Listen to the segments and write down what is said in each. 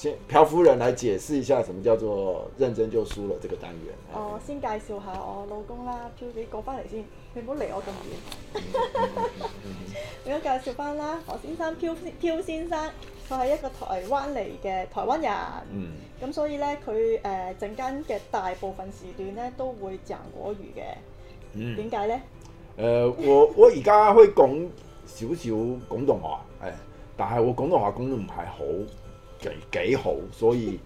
先漂夫人來解釋一下，什麼叫做認真就輸了？這個單元，我、嗯、先介紹下我老公啦，漂哥過翻嚟先，你唔好離我咁遠。咁、嗯、樣、 嗯、 介紹翻啦，何先生漂先漂先生，佢係一個台灣嚟嘅台灣人，咁、嗯、所以咧，佢誒，陣間嘅大部分時段咧都會講國語嘅。點解咧？誒、呃， 我我而家可以講少少廣東話，誒、 哎，但係我廣東話講得唔係好。給給吼，所以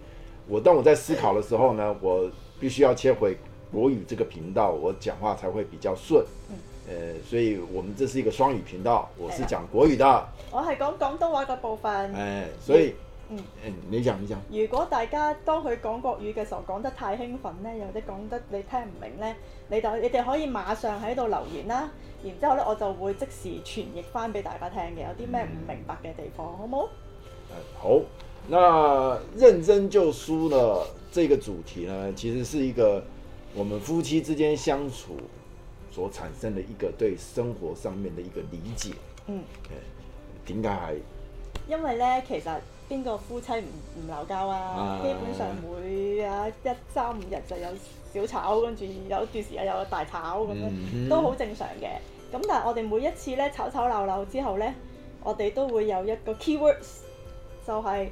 我當我在思考的時候呢， 我必須要切回國語這個頻道，我講話才會比較順。誒、嗯呃，所以我們這是一個雙語頻道，我是講國語的。的我係講廣東話嘅部分。誒、呃，所以，嗯，嗯、呃、你講你講。如果大家當佢講國語嘅時候講得太興奮咧，又或者講得你聽唔明咧，你就你哋可以馬上喺度留言啦，然之後咧我就會即時傳譯翻俾大家聽嘅，有啲咩唔明白嘅地方，好唔好？好、嗯。嗯嗯那認真就輸了，這個主題呢，其實是一個我們夫妻之間相處所產生的一個對生活上面的一個理解。嗯，點解？因為呢，其實邊個夫妻唔唔鬧交啊，啊？基本上每啊一三五日就有小吵，跟住有段時間有大吵咁樣，都好正常嘅。咁但係我哋每一次呢，吵吵鬧鬧之後呢，我哋都會有一個 keywords，就係、是。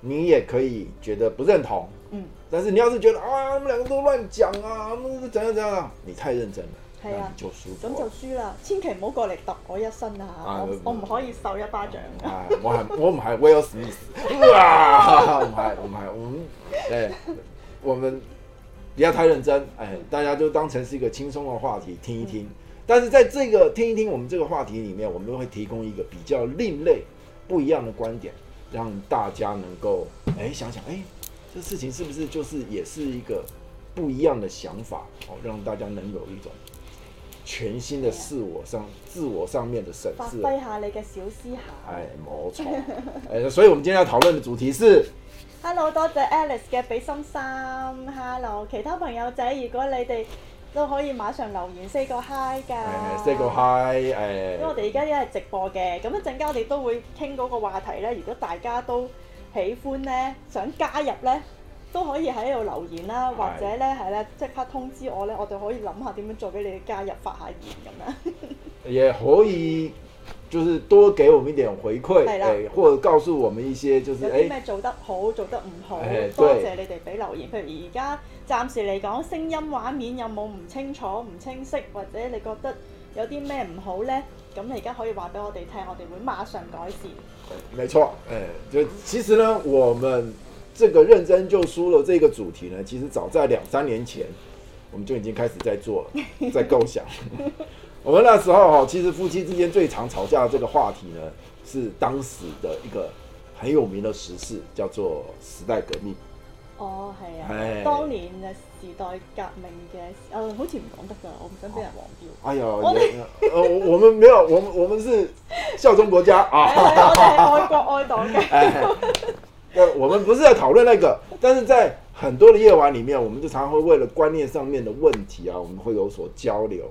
你也可以覺得不認同，嗯、但是你要是覺得啊，我們兩個都亂講啊，我怎麼怎麼樣，你太認真了，啊、你就輸，就輸了，就輸了，千祈唔好過來揼我一身啊，啊！我、嗯、我唔可以受一巴掌噶、啊啊，我係我唔係威爾史密斯，唔係唔係我們、 啊嗯，哎，我們不要太認真，哎、嗯，大家就當成是一個輕鬆的話題聽一聽、嗯。但是在這個聽一聽我們這個話題裏面，我們都會提供一個比較另類、不一樣的觀點。讓大家能夠哎想想哎，這事情是不是就是也是一個不一樣的想法哦？讓大家能有一種全新的自我上、哎、自我上面的審視，發揮下你嘅小思考。哎，冇錯、 哎。所以我們今天要討論的主題是。Hello，多謝 Alice 嘅比心衫。Hello，其他朋友仔，如果你哋。都可以馬上留言 say 個 hi 㗎，say、哎、個 hi 因為咁我哋而家一係直播嘅，咁一陣間我哋都會傾嗰個話題咧。如果大家都喜歡咧，想加入咧，都可以喺度留言啦，或者咧係咧即刻通知我咧，我哋可以諗下點樣做俾你哋加入發下言咁樣。也可以，就是多給我們一點回饋，係啦，或者告訴我們一些，就是有啲咩做得好，哎、做得唔好、哎，多謝你哋俾留言。譬如而家。暫時嚟講，聲音畫面有冇唔清楚、唔清晰，或者你覺得有啲咩唔好呢？咁你而家可以話俾我哋聽，我哋會馬上改善。沒錯，誒、欸，就其實呢，我們這個認真就輸了這個主題呢，其實早在兩三年前，我們就已經開始在做，在構想。 我們那時候其實夫妻之間最常吵架的這個話題呢，是當時的一個很有名的時事，叫做時代革命。哦，係啊，當年嘅時代革命嘅，誒、呃，好似唔講得㗎，我唔想俾人忘掉。啊、哎呀，我哋我我哋咩我，我們我哋是效忠國家 啊！ yeah, yeah, 我哋係愛國愛黨嘅 Hey, hey. 我們不是在討論那個，但是在很多的夜晚裏面，我們就常會為了觀念上面的問題啊，我們會有所交流。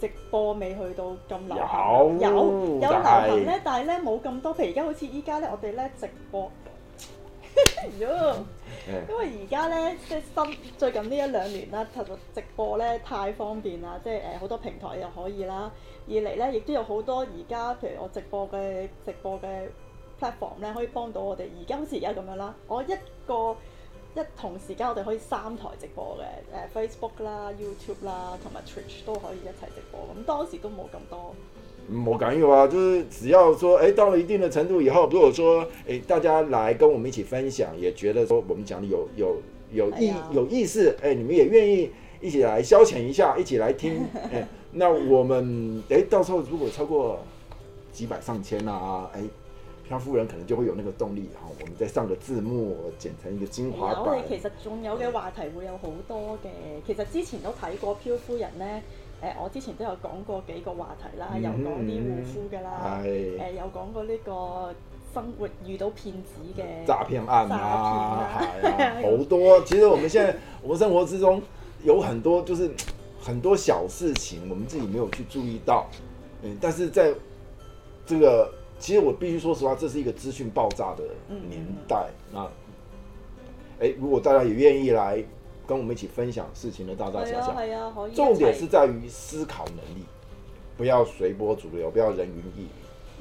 直播未去到咁流行，有有，有流行咧，但係咧冇咁多。譬如而家好似依家咧，我哋咧直播， 因為而家咧即係新最近呢一兩年啦，其實直播咧太方便啦，即係誒好多平台又可以啦。二嚟咧亦都有好多而家譬如我直播嘅直播嘅 platform 咧，可以幫到我哋。而家好似而家咁樣啦，我一個。一同時間我哋可以三台直播嘅，誒、呃、Facebook 啦、YouTube 啦，同埋 Twitch 都可以一齊直播。咁、嗯、當時都冇咁多，冇緊要啊！就是只要說，誒、欸、到了一定的程度以後，如果說，誒、欸、大家來跟我們一起分享，也覺得說，我們講有有有意、哎、有意思，誒、欸、你們也願意一起來消遣一下，一起來聽，誒、欸， 那我們誒、欸，到時候如果超過幾百上千啦、啊，誒、欸。漂夫人可能就會有那個動力，然後我們再上個字幕，剪成一個精華版。我、嗯、哋其實仲有嘅話題會有好多嘅，其實之前都睇過漂夫人呢。誒、呃，我之前都有講過幾個話題啦，嗯、有講啲護膚㗎啦，誒、呃，有講過呢個生活遇到騙子嘅詐騙案啊，好、啊啊啊、 多。其實我們現在，我們生活之中有很多，就是很多小事情，我們自己沒有去注意到。嗯，但是在這個其實我必須說實話，這是一個資訊爆炸的年代。嗯嗯、那，如果大家也願意來跟我們一起分享事情的大大小小，啊啊、重點是在於思考能力，不要隨波逐流，不要人云亦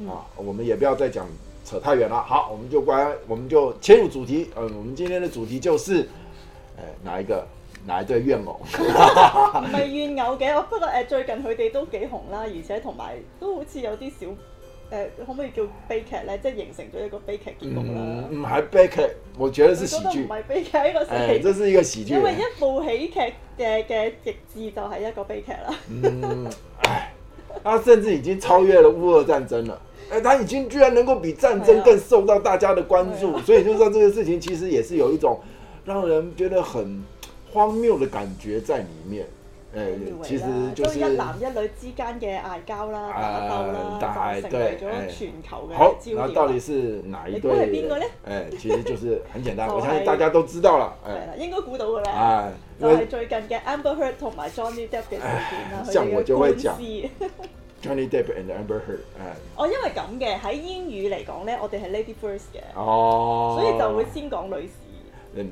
云、嗯、啊！我們也不要再講扯太遠了。好，我們就關，我們就切入主題。嗯，我們今天的主題就是，哪一個哪一對怨偶？唔 係怨偶嘅，我不過、呃、最近佢哋都幾紅啦，而且同埋都好似有啲小。呃、可唔可以叫悲劇呢？即、就、係、是、形成咗一個悲劇結局啦。唔、嗯、係、嗯、悲劇，我覺得是喜劇。唔係悲劇，一個喜劇，係、欸，是一個喜劇。因為一部喜劇嘅嘅極致就係一個悲劇啦。嗯，唉，他甚至已經超越了烏俄戰爭了。誒、 欸，他已經居然能夠比戰爭更受到大家的關注。啊、所以就算呢個事情其實也是有一種讓人覺得很荒謬的感覺在裡面。Anyway, 欸、其實就是一男一女之間嘅嗌交啦，呃，鬥啦，呃、就成為咗全球嘅焦點，欸、好，那到底是哪一對？你估係邊個咧？誒、欸，其實就是很簡單， 哦、我相信大家都知道啦。誒、欸，應該估到㗎啦，啊。就係、是、最近嘅 Amber Heard 同埋 Johnny Depp 嘅事件啦。佢嘅官司，Johnny Depp and Amber Heard，欸。哦，因為咁嘅喺英語嚟講咧，我哋係 Lady First 嘅，哦，所以就會先講女士。嗯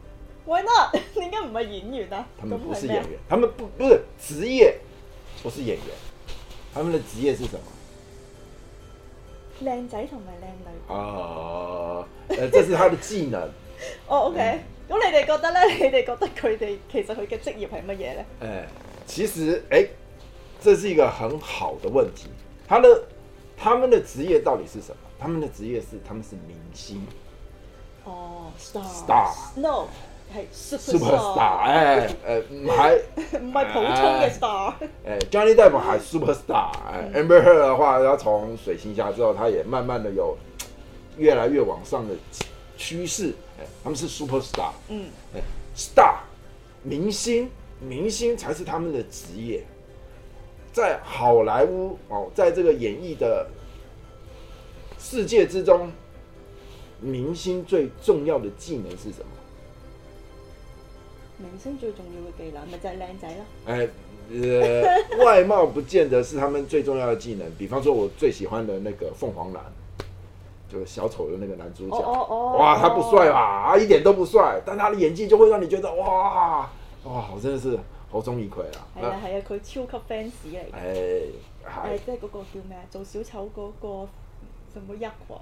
Why not？點解唔係演員啊？他們不是演員，他們不不是職業，不是演員，他們的職業是什麼？靚仔同埋靚女。哦，誒，這是他的技能。哦、 oh,，OK、嗯。咁你哋覺得咧？你哋覺得佢哋其實佢嘅職業係乜嘢咧？誒，其實誒、欸，這是一個很好的問題。他的他們的職業到底是什麼？他們的職業是，他們是明星。哦、oh,，star，star，no。係 superstar，哎、欸，呃、欸，唔係普通嘅 star，誒，Johnny Depp 係 superstar，哎 Amber Heard 的話，要從水行俠之後，他也慢慢的有越來越往上的趨勢，誒、欸，他們是 superstar，嗯、 欸，誒、 欸、star 明星，明星才是他們的職業，在好萊塢哦，在這個演藝的世界之中，明星最重要的技能是什麼？明星最重要嘅技能咪就係、是、靚仔咯，誒、欸呃，外貌不見得是他們最重要嘅技能。 比方說，我最喜歡嘅那個鳳凰男，就是、小丑嘅那個男主角，哦哦哦哦哇，他不帥啊、哦哦，一點都不帥，但他的演技就會讓你覺得，「哇，哇，真的是好，真係好中意佢啊！」係啊係啊，佢、啊啊、超級 fans 嚟嘅。誒、欸，係、欸，即係嗰個叫咩做小丑嗰個什麼，叫乜一狂。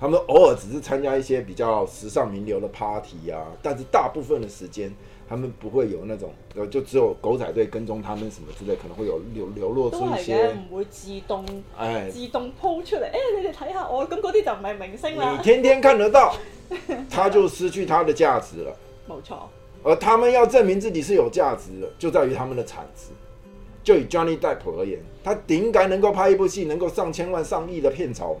他們偶爾只是參加一些比較時尚名流的 party 啊，但是大部分的時間，他們不會有那種，呃，就只有狗仔隊跟蹤他們什麼之類，可能會有流露出一些。都係嘅，唔會自動，哎，自動拋出來，哎，你哋睇下我，咁嗰啲就唔係明星啦。你天天看得到，他就失去他的價值了。冇錯。而他們要證明自己是有價值的，就在於他們的產值。就以 Johnny Depp 而言，他頂該能夠拍一部戲，能夠上千萬、上億的片酬。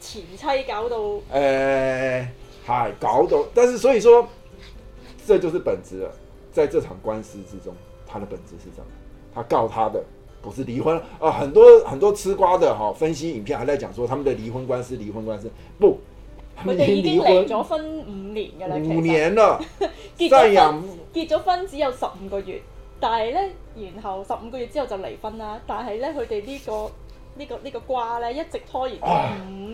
前妻搞到，誒、欸，係搞到，但是所以說，這就是本質啦。在這場官司之中，他的本質是這樣，他告他的不是離婚。啊，很多很多吃瓜的哈、哦，分析影片還在講說他們的離婚官司，離婚官司不，佢哋已經離咗婚五年噶啦，五年啦， 結咗婚，結咗婚只有十五個月，但係咧，然後十五個月之後就離婚啦，但係咧，佢哋呢個呢個呢個瓜咧一直拖延的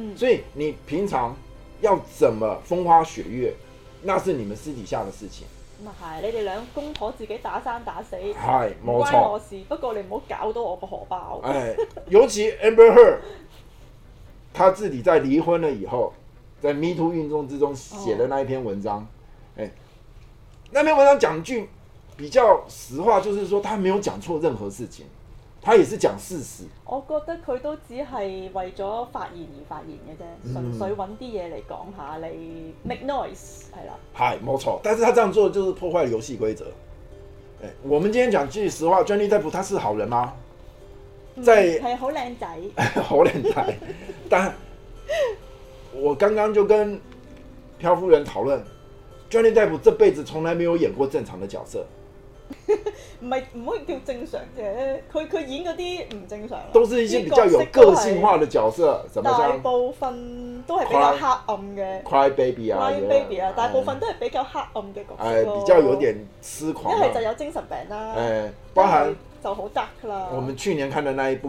嗯、所以你平常要怎麼風花雪月，那是你們私底下的事情。咁係，你哋兩公婆自己打生打死，係冇錯。不過你唔好搞到我個荷包。 誒、尤其 Amber Heard，他自己在離婚了以後，在 Me Too 運動之中寫的那一篇文章，誒、哦，那篇文章講句比較實話，就是說他沒有講錯任何事情。他也是講事實，我覺得佢都只係為咗發言而發言嘅啫，純、嗯、粹揾啲嘢嚟講下你 make noise 係啦。係冇錯，但是他這樣做就是破壞遊戲規則。誒，我們今天講句實話，Johnny Depp 他是好人嗎？係好靚仔，在 好靚帥仔， 但，我剛剛就跟漂夫人討論 Johnny Depp 這輩子從來沒有演過正常的角色。唔係唔可以叫正常嘅，佢佢演嗰啲唔正常。都係一啲比較有個性化嘅角色，大部分都係比較黑暗嘅。Cry baby 啊，Cry baby 啊，大部分都係比較黑暗嘅，啊啊 yeah，角色，哎。比較有點癡狂，一係就有精神病啦。誒、哎，包含就好 dark 啦。我哋去年看的那一部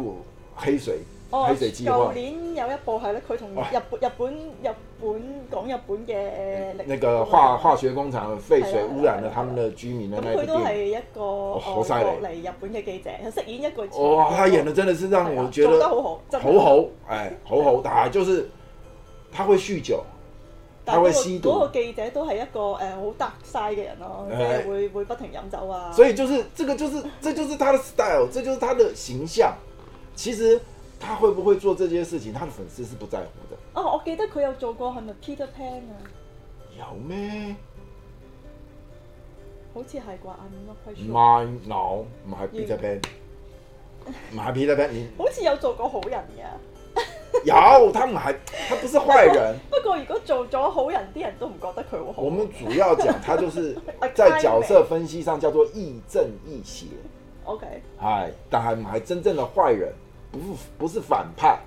《黑水》。哦，去年有一部係咧，佢同日日本、哦、日本講日本嘅力。那個化化學工廠廢水污染了他們嘅居民，咁佢、哦、都係一個好犀利日本嘅記者，佢飾演一個。哇、哦！他演的真的是讓我覺得好好，好好，誒，好好打，就是他會酗酒，但他會吸毒。嗰、那個那個記者都係一個誒好 dark side 嘅人咯、哦，即係會會不停飲酒啊。所以就是，這個就是， 這就是他的 style，這就是他的形象。其實。他會不會做這件事情？他的粉絲是不在乎的。哦，我記得佢有做過係咪 Peter Pan 啊？有咩？好似係啩 m i n no，唔係 Peter, Peter Pan，唔係 Peter Pan。 好似有做過好人嘅。 有，他唔係，他不是壞人。 不過如果做咗好人，啲人都唔覺得佢好。 我們主要講，他就是在角色分析上叫做亦正亦邪。 OK。係，但係唔係真正的壞人。不是不是反派，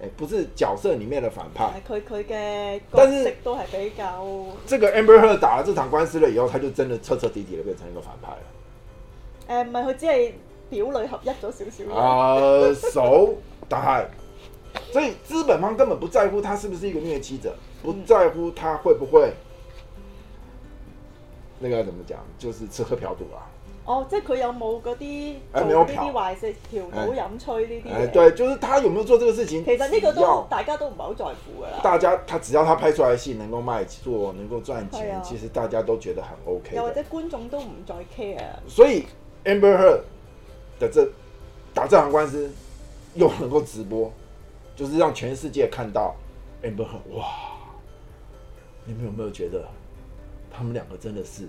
欸，不是角色裏面的反派。哎，佢佢嘅角色都係比較。這個 Amber Heard 打了這場官司了以後，他就真的徹徹底底的變成一個反派了。欸，唔係，佢只係表裏合一咗少少。啊，少， 但係，所以資本方根本不在乎他是不是一個虐妻者，不在乎他會不會，嗯、那個要怎麼講，就是吃喝嫖賭啊。哦，即係佢有冇嗰啲做呢啲壞事、嫖、欸、賭、飲、欸、吹呢啲？誒、欸，對，就是他有冇做這個事情？其實呢個都大家，大家都唔係好在乎嘅。大家，他只要他拍出來嘅戲能夠賣座能夠賺錢、啊，其實大家都覺得很 OK。又或者觀眾都唔再 care。所以 Amber Heard 的這打這場官司又能夠直播，就是讓全世界看到、嗯、Amber Heard。哇！你們有沒有覺得他們兩個真的是？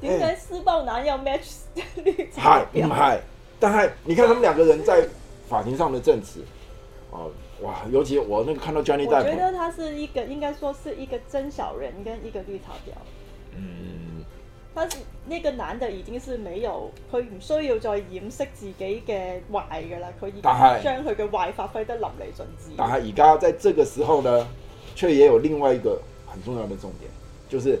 點解施暴男要 match 的綠茶婊？欸，但係你看他們兩個人在法庭上的證詞，哦、呃、哇，尤其我那個看到 Johnny 我覺得他是一個應該說是一個真小人跟一個綠茶婊，嗯，他是那個男的已經是沒有，佢唔需要再掩飾自己嘅壞噶啦，佢已經將佢嘅壞發揮得淋漓盡致。但係而家在這個時候呢，卻也有另外一個很重要的重點，就是。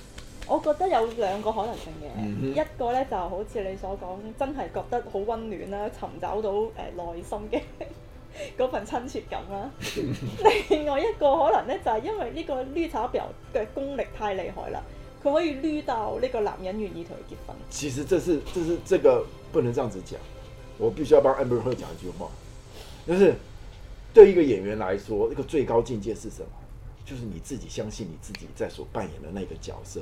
我覺得有兩個可能性嘅、嗯，一個咧就好似你所講，真係覺得好溫暖啦，尋找到誒、呃、內心嘅嗰份親切感啦、嗯。另外一個可能咧，就係因為呢個綠茶婊嘅功力太厲害啦，佢可以攣到呢個男人願意同佢結婚。其實這是這是這個不能這樣子講，我必須要幫 Amber 講一句話，就是對一個演員來說，一個最高境界係什麼？就是你自己相信你自己在所扮演的那個角色。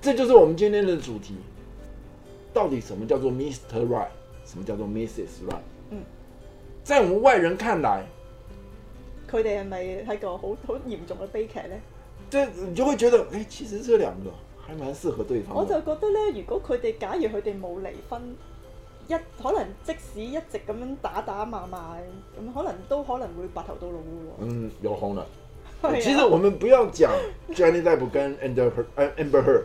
這就是我們今天的主題，到底什麼叫做 Mr. Right，什麼叫做 Mrs. Right？嗯，在我們外人看來，佢哋係咪係個好好嚴重嘅悲劇呢？即你就會覺得，誒、欸，其實這兩個還蠻適合對方。我就覺得咧，如果佢哋假如佢哋冇離婚，一可能即使一直咁樣打打罵罵，咁、嗯、可能都可能會白頭到老，哦。嗯，有可能。 其實我們不要講 Johnny Depp 跟 Amber Amber Heard。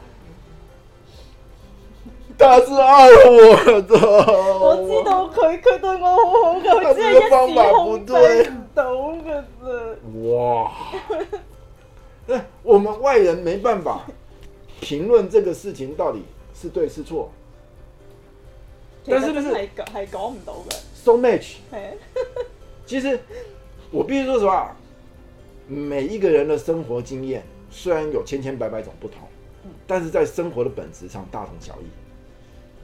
他是愛我的，我知道他，他佢對我好好嘅，佢只係一時控制唔到嘅啫。哇！ 我們外人沒辦法評論這個事情到底是對是錯。但是，但是係係講唔到嘅。So much。 其實，我必須說實話，每一個人的生活經驗雖然有千千百百種不同，但是在生活的本質上大同小異。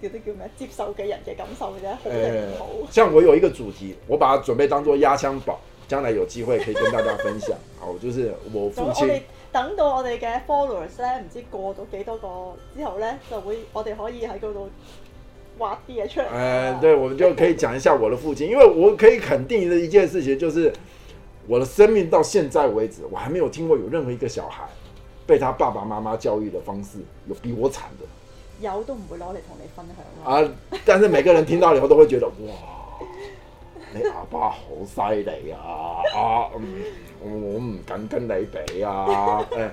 叫啲叫咩？接受嘅人嘅感受嘅啫，很好唔好、欸？像我有一個主題，我把它準備當做壓箱寶，將來有機會可以跟大家分享。 好，就是我父親。我哋等到我哋嘅 followers 咧，唔知過咗幾多個之後咧，就會我哋可以喺嗰度挖啲嘢出嚟。誒、欸，對，我們就可以講一下我的父親。 因為我可以肯定的一件事情，就是我的生命到現在為止，我還沒有聽過有任何一個小孩被他爸爸媽媽教育的方式有比我慘的。有都唔會攞嚟同你分享啊，啊！但是每個人聽到以後都會覺得 哇，你爸爸好犀利啊！ 啊，嗯、我唔敢跟你比啊！誒、 哎，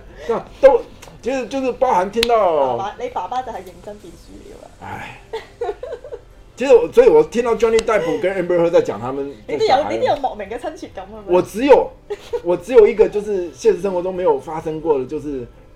都其實，就是包含聽到，爸爸你爸爸就係認真變輸了。唉， 其實我所以我聽到 Johnny Depp 跟 Amber 在講他們，你都有，你都有莫名嘅親切感啊！我只有，我只有一個，就是現實生活中沒有發生過嘅，就是。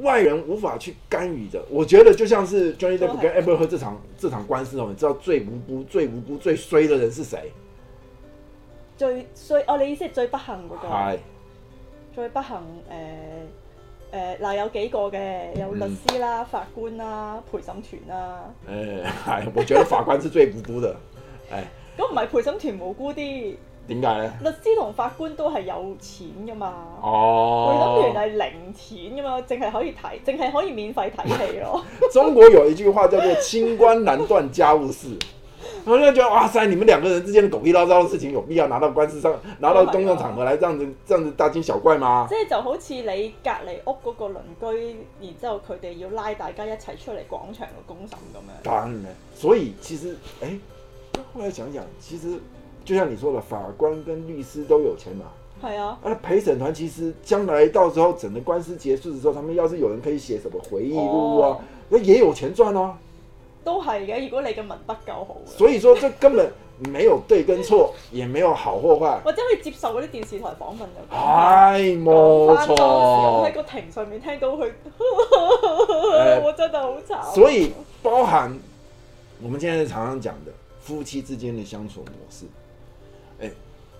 外人無法去干預的，我覺得就像是 Johnny Depp 跟 Amber 和這場這場官司哦，你知道最無辜最無辜最衰的人是誰？最衰哦，你意思係最不幸嗰個？係。最不幸誒誒嗱，有幾個嘅有律師啦、嗯、法官啦、陪審團啦。誒、哎、係，我覺得法官是最無辜的。誒 、哎，咁唔係陪審團無辜啲？點解呢？律師同法官都係有錢噶嘛？哦，我諗住係零錢噶嘛，淨係可以睇，淨係可以免費睇戲咯。 中國有一句話叫做“清官難斷家務事”，我真係覺得哇塞，你們兩個人之間的狗屁咁嘅事情，有必要拿到官司上，拿到公眾場合來這樣子，啊、這樣子大驚小怪嗎？即、就、係、是、就好似你隔籬屋嗰個鄰居，然之後佢哋要拉大家一齊出嚟廣場嘅公審咁樣。當然，所以其實誒、欸，後來講講，其實。就像你說的，法官跟律師都有錢嘛，係啊。而、啊、陪審團其實將來到時候，整個官司結束的時候，他們要是有人可以寫什麼回憶錄啊、哦，那也有錢賺哦、啊、都係嘅，如果你嘅文筆夠好。所以說，這根本沒有對跟錯， 也沒有好或壞。或者可以接受嗰啲電視台訪問的，係冇錯。喺個庭上面聽到佢、 哎，我真係好慘。所以包含我們現在常常講的夫妻之間的相處模式。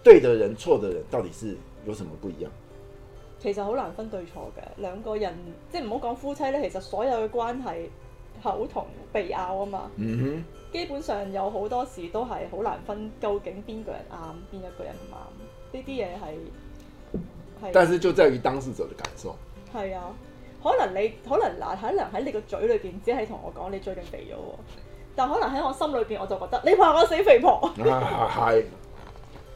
對的人錯的人到底是有什麼不一樣？其實好難分對錯嘅，兩個人即係唔好講夫妻咧。其實所有嘅關係口同鼻拗啊嘛，嗯哼，基本上有好多時都係好難分究竟邊個人啱邊一個人唔啱呢啲嘢，係係，但是就在於當事者的感受。係啊，可能你可能嗱喺能喺你個嘴裏邊只係同我講你最近肥咗，但可能喺我心裏邊我就覺得你話我死肥婆係。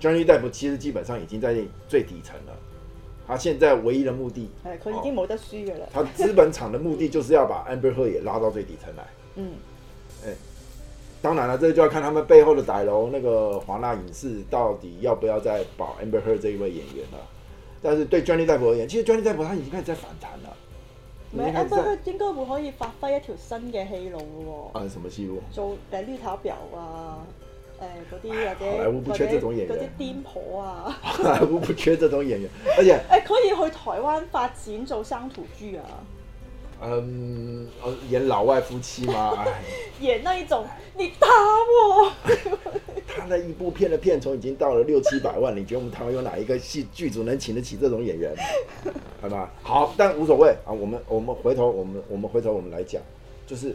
Johnny Depp 其實基本上已經在最底層了，他現在唯一的目的係佢、嗯啊、已經冇得輸嘅啦。他資本廠的目的就是要把 Amber Heard 也拉到最底層來。嗯，誒、欸，當然啦，這就要看他們背後的棟樓，那個華納影視到底要不要再保 Amber Heard 這一位演員了、啊。但是對 Johnny Depp 而言，其實 Johnny Depp 他已經開始在反彈了。咪 Amber Heard 應該會可以發揮一條新嘅戲路嘅喎。啊，什麼戲路？做誒綠茶婊啊！嗯誒嗰啲或者或者嗰啲癲婆啊，好萊塢不缺這種演員，而且、欸、可以去台灣發展做鄉土劇啊。嗯，演老外夫妻嘛，唉，演那一種你打我。他那一部片的片酬已經到了六七百萬， 你覺得我們台灣有哪一個戲劇組能請得起這種演員？好 吧，好，但無所謂啊。我們我們回頭我們我們回頭我們來講就是。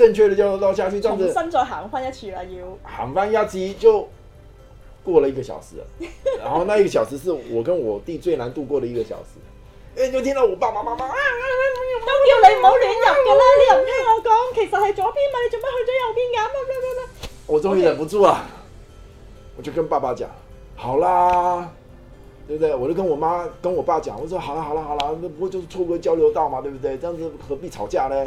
正確的交流道下去這樣子，重新再行翻一次啦，要行翻一次就過了一個小時。然後那一個小時是我跟我弟最難度過的一個小時。哎、 欸，你就聽到我爸爸媽媽啊，都叫你唔好亂入噶啦，啊啊、你又唔聽我講，其實係左邊嘛，你做咩去咗右邊啊？我終於忍不住啊，okay. 我就跟爸爸講，好啦，對不對？我就跟我媽跟我爸講，我說好啦，好啦，好啦，好啦，那不過就是錯過交流道嘛，對不對？這樣子何必吵架呢？」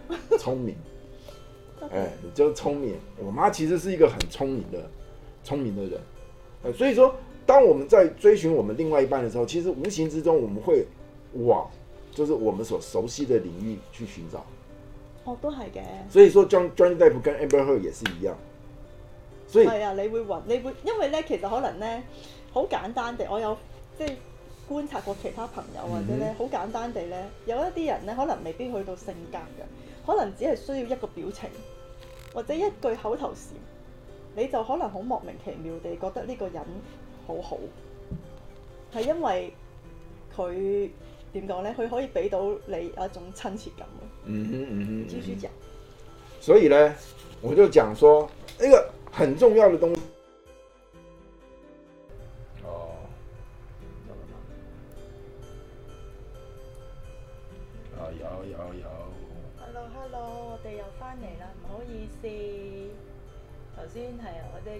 聰明， 哎，就聰、是、明。我媽其實是一個很聰明的、聰明的人、哎。所以說，當我們在追尋我們另外一半的時候，其實無形之中我們會往就是我們所熟悉的領域去尋找。哦，都係嘅。所以說，John John Depp 跟 Amber Heard 也是一樣。所以係啊、哎，你會揾，你會因為呢，其實可能呢，好簡單地，我有即係、就是、觀察過其他朋友、嗯、或者呢，好簡單地呢，有一啲人呢，可能未必去到性格嘅。可能只係需要一個表情，或者一句口頭禪，你就可能好莫名其妙地覺得呢個人好好，係因為佢點講咧？佢可以俾到你一種親切感咯。嗯哼嗯哼，書、嗯、人、嗯。所以咧，我就講說一個很重要的東西。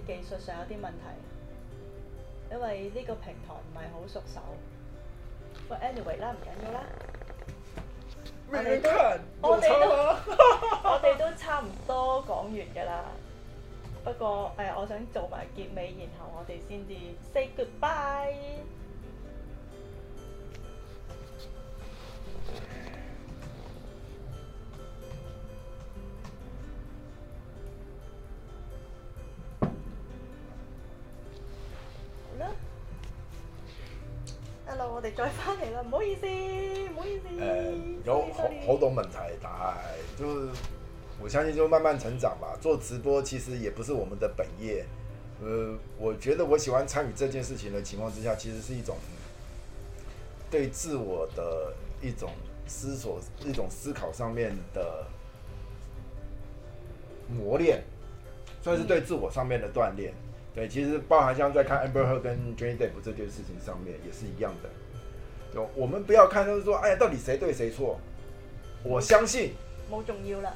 技術上有啲問題，因為呢個平台唔係好熟手。But，anyway 啦，唔緊要啦。我哋都，我哋都， 我哋都差唔多講完㗎啦。不過誒、呃，我想做埋結尾，然後我哋先至 say goodbye。再翻嚟啦，唔好意思，唔好意思。呃、有好好多問題，但係就我相信就慢慢成長吧。做直播其實也不是我們的本業，呃，我覺得我喜歡參與這件事情的情況之下，其實是一種對自我的一種思索、一種思考上面的磨練，算是對自我上面的鍛煉、嗯。對，其實包含像在看 Amber Heard 跟 Johnny Depp 這件事情上面也是一樣的。我們不要看，就是說，哎呀，到底誰對誰錯？我相信冇重要啦。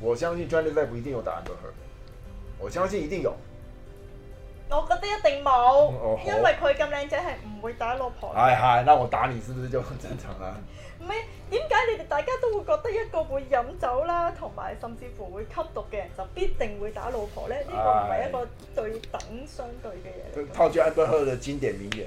我相信 Johnny Depp 不一定有打 Amber Heard，我相信一定有。我覺得一定冇、哦，因為佢咁靚仔係唔會打老婆。係、哎、係、哎，那我打你，是不是就很正常啦？唔係，點解你哋大家都會覺得一個會飲酒啦，同埋甚至乎會吸毒嘅人就必定會打老婆咧？呢、這個唔係一個對等相對嘅嘢、哎。套住 Amber Heard 嘅經典名言。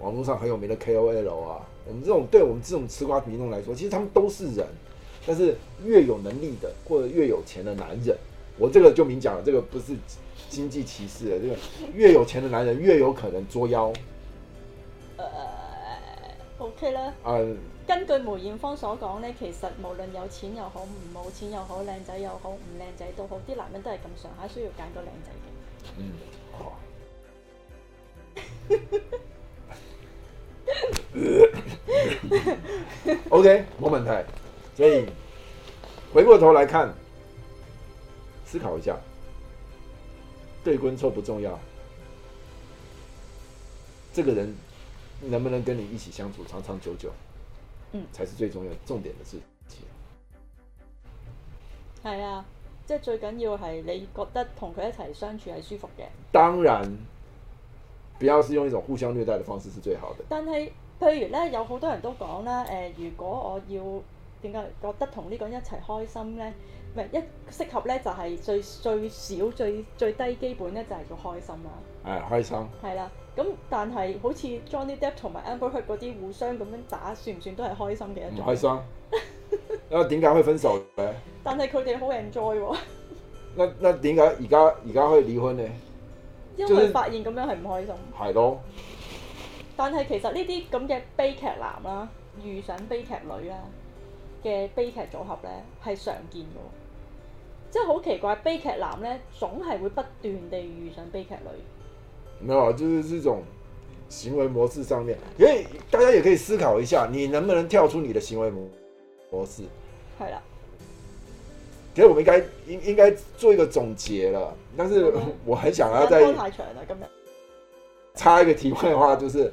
網絡上很有名的 KOL 啊，我們這種對我們這種吃瓜群眾來說，其實他們都是人，但是越有能力的或者越有錢的男人，我這個就明講了，這個不是經濟歧視的，這個越有錢的男人越有可能捉妖。呃，OK 啦。根據梅艷芳所講呢，其實無論有錢又好，唔冇錢又好，靚仔又好，唔靚仔都好，啲男人都係咁上下需要揀個靚仔嘅。嗯。 OK，冇問題。所以回過頭來看，思考一下，對跟錯不重要。這個人能不能跟你一起相處長長久久，嗯，才是最重要重點的事情。係、嗯、啊，即係、就是、最緊要係你覺得同佢一齊相處係舒服嘅。當然，不要是用一種互相虐待的方式，係最好嘅。但係。譬如咧，有好多人都講啦，誒、呃，如果我要點解覺得同呢個人一齊開心咧，唔係一適合咧，就係、是、最最少最最低基本咧，就係要開心啦。誒，開心。係啦，咁但係好似 Johnny Depp 同埋 Amber Heard 嗰啲互相咁樣打，算唔算都係開心嘅一種？唔開心。 啊，點解可以分手嘅？但係佢哋好 enjoy 喎。那，那點解而家而家會離婚咧？因為發現咁樣係唔開心。係、就是、咯。但係其實呢啲咁嘅悲劇男啦、啊，遇上悲劇女啦、啊、嘅悲劇組合咧，係常見嘅，即係好奇怪悲劇男咧，總係會不斷地遇上悲劇女。冇啊，就是這種行為模式上面，因為大家也可以思考一下，你能不能跳出你的行為模模式？係啦，其實我們應該應應該做一個總結啦。但是、嗯、我很想要再太長啦，今日插一個題目嘅話，就是。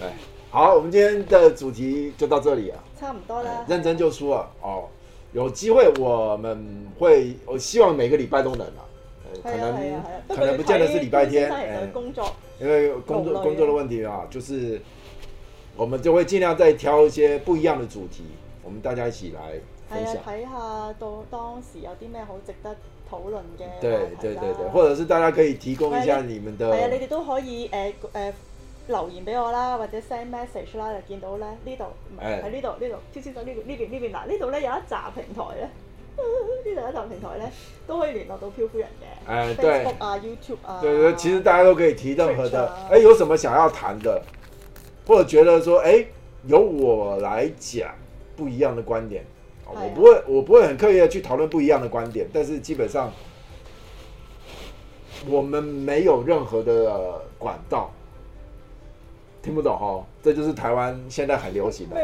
哎、好，我們今天的主題就到這裡啊，差唔多了、哎。認真就輸了哦，有機會我們會，我希望每個禮拜都能了、啊哎、可能、啊啊啊、可能不見得是禮拜天，因為、哎、工作工作的問題啊，啊，就是我們就會盡量再挑一些不一樣的主題，我們大家一起來分享，睇、哎、下到當時有啲咩好值得討論嘅，對對對對，或者是大家可以提供一下你們的，係、哎哎、你們都可以誒誒。呃呃留言俾我啦，或者 send message 啦，就見到咧呢度，喺、欸、呢度呢度，超先生呢呢邊呢邊嗱呢度咧有一站平台咧，呢度一站平台咧都可以聯絡到漂夫人嘅。Facebook 啊，YouTube 啊，對對，其實大家都可以提任何的。誒、啊欸，有什麼想要談的，或者覺得說，誒、欸，由我來講，不一樣的觀點、啊，我不會，我不會很刻意去討論不一樣的觀點，但是基本上，我們沒有任何的管道。聽不懂哦，這就是台灣現在很流行的。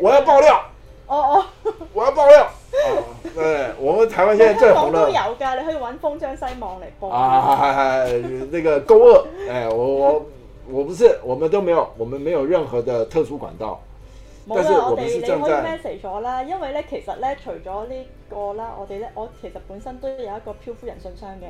我要爆料哦哦，我要爆料。哦 哦、對，我們台灣現在最火都有噶，你可以搵東張西望嚟報、啊。啊哈哈，呢、啊啊啊啊 這個高二，哎，我我我不是，我們都沒有，我們沒有任何的特殊管道。冇啊，但是我哋你可以 message 咗啦，因為咧，其實咧，除咗呢個啦，我哋咧，我其實本身都有一個漂夫人信箱嘅。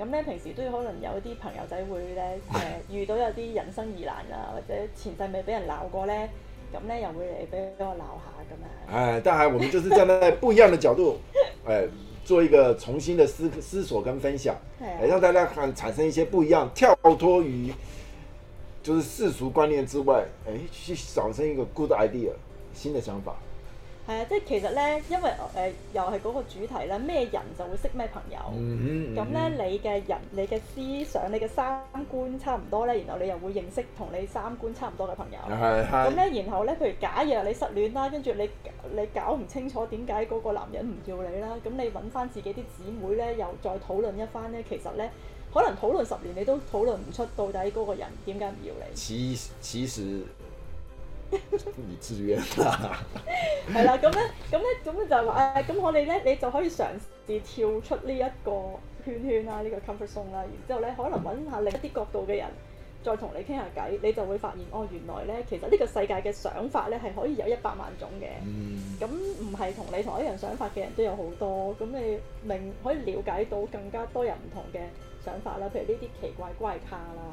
咁咧，平時都可能有啲朋友仔會咧，誒、呃、遇到有啲人生疑難啊，或者前世未俾人鬧過咧，咁咧又會嚟俾俾我鬧下噶嘛。誒、哎，但係我們就是站在不一樣的角度，誒、 哎、做一個重新的思思索跟分享，誒、哎，讓大家看產生一些不一樣，跳脫於就是世俗觀念之外，誒、哎、去產生一個 good idea，新的想法。係啊，即係其實咧，因為誒、呃、又係嗰個主題咧，咩人就會識咩朋友。咁咧，mm-hmm, mm-hmm. 你嘅人、你嘅思想、你嘅三觀差唔多咧，然後你又會認識同你三觀差唔多嘅朋友。咁咧，mm-hmm. 嗯，然後咧，譬如假若你失戀啦，跟住你你搞唔清楚點解嗰個男人唔要你啦，咁你搵返自己啲姊妹咧，又再討論一番咧，其實咧，可能討論十年你都討論唔出到底嗰個人點解唔要你。其實其實。 你自願願啦？ 係啦，咁咧，咁咧，咁咧就話，誒，咁我哋咧，你就可以嘗試跳出呢一個圈圈啦，呢、這個 comfort zone 啦，然之後咧，可能揾下另一啲角度嘅人，再同你傾下偈，你就會發現，哦，原來咧，其實呢個世界嘅想法咧係可以有一百萬種嘅，咁唔係同你同一樣想法嘅人都有好多，咁你明可以了解到更加多人唔同嘅想法啦，譬如呢啲奇怪怪咖啦。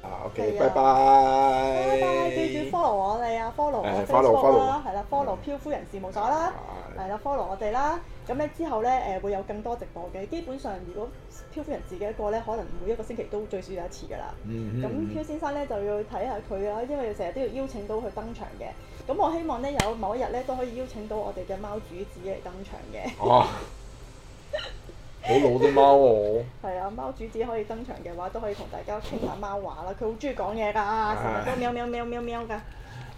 Okay, 啊，OK，拜拜，拜拜，記住 follow 我哋、哎、啊 follow，follow，follow 啦，係啦，follow 漂、嗯、夫人事務所啦，係啦、啊 right.，follow 我哋啦，咁咧之後咧，誒，會有更多直播嘅，基本上如果漂夫人自己一個咧，可能每一個星期都最少有一次噶啦，咁、mm、漂 -hmm. 先生咧就要睇下佢啦，因為要成日都要邀請到佢登場嘅，咁我希望咧有某一日咧都可以邀請到我哋嘅貓主子嚟登場嘅。Oh. 好老的貓喎，哦，係 啊！貓主子可以登場嘅話，都可以同大家傾下貓話啦。佢好鍾意講嘢㗎，成日都喵喵喵喵喵㗎。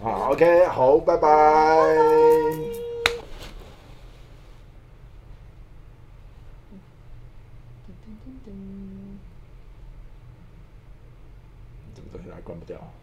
好，啊，OK，好，拜拜。拜拜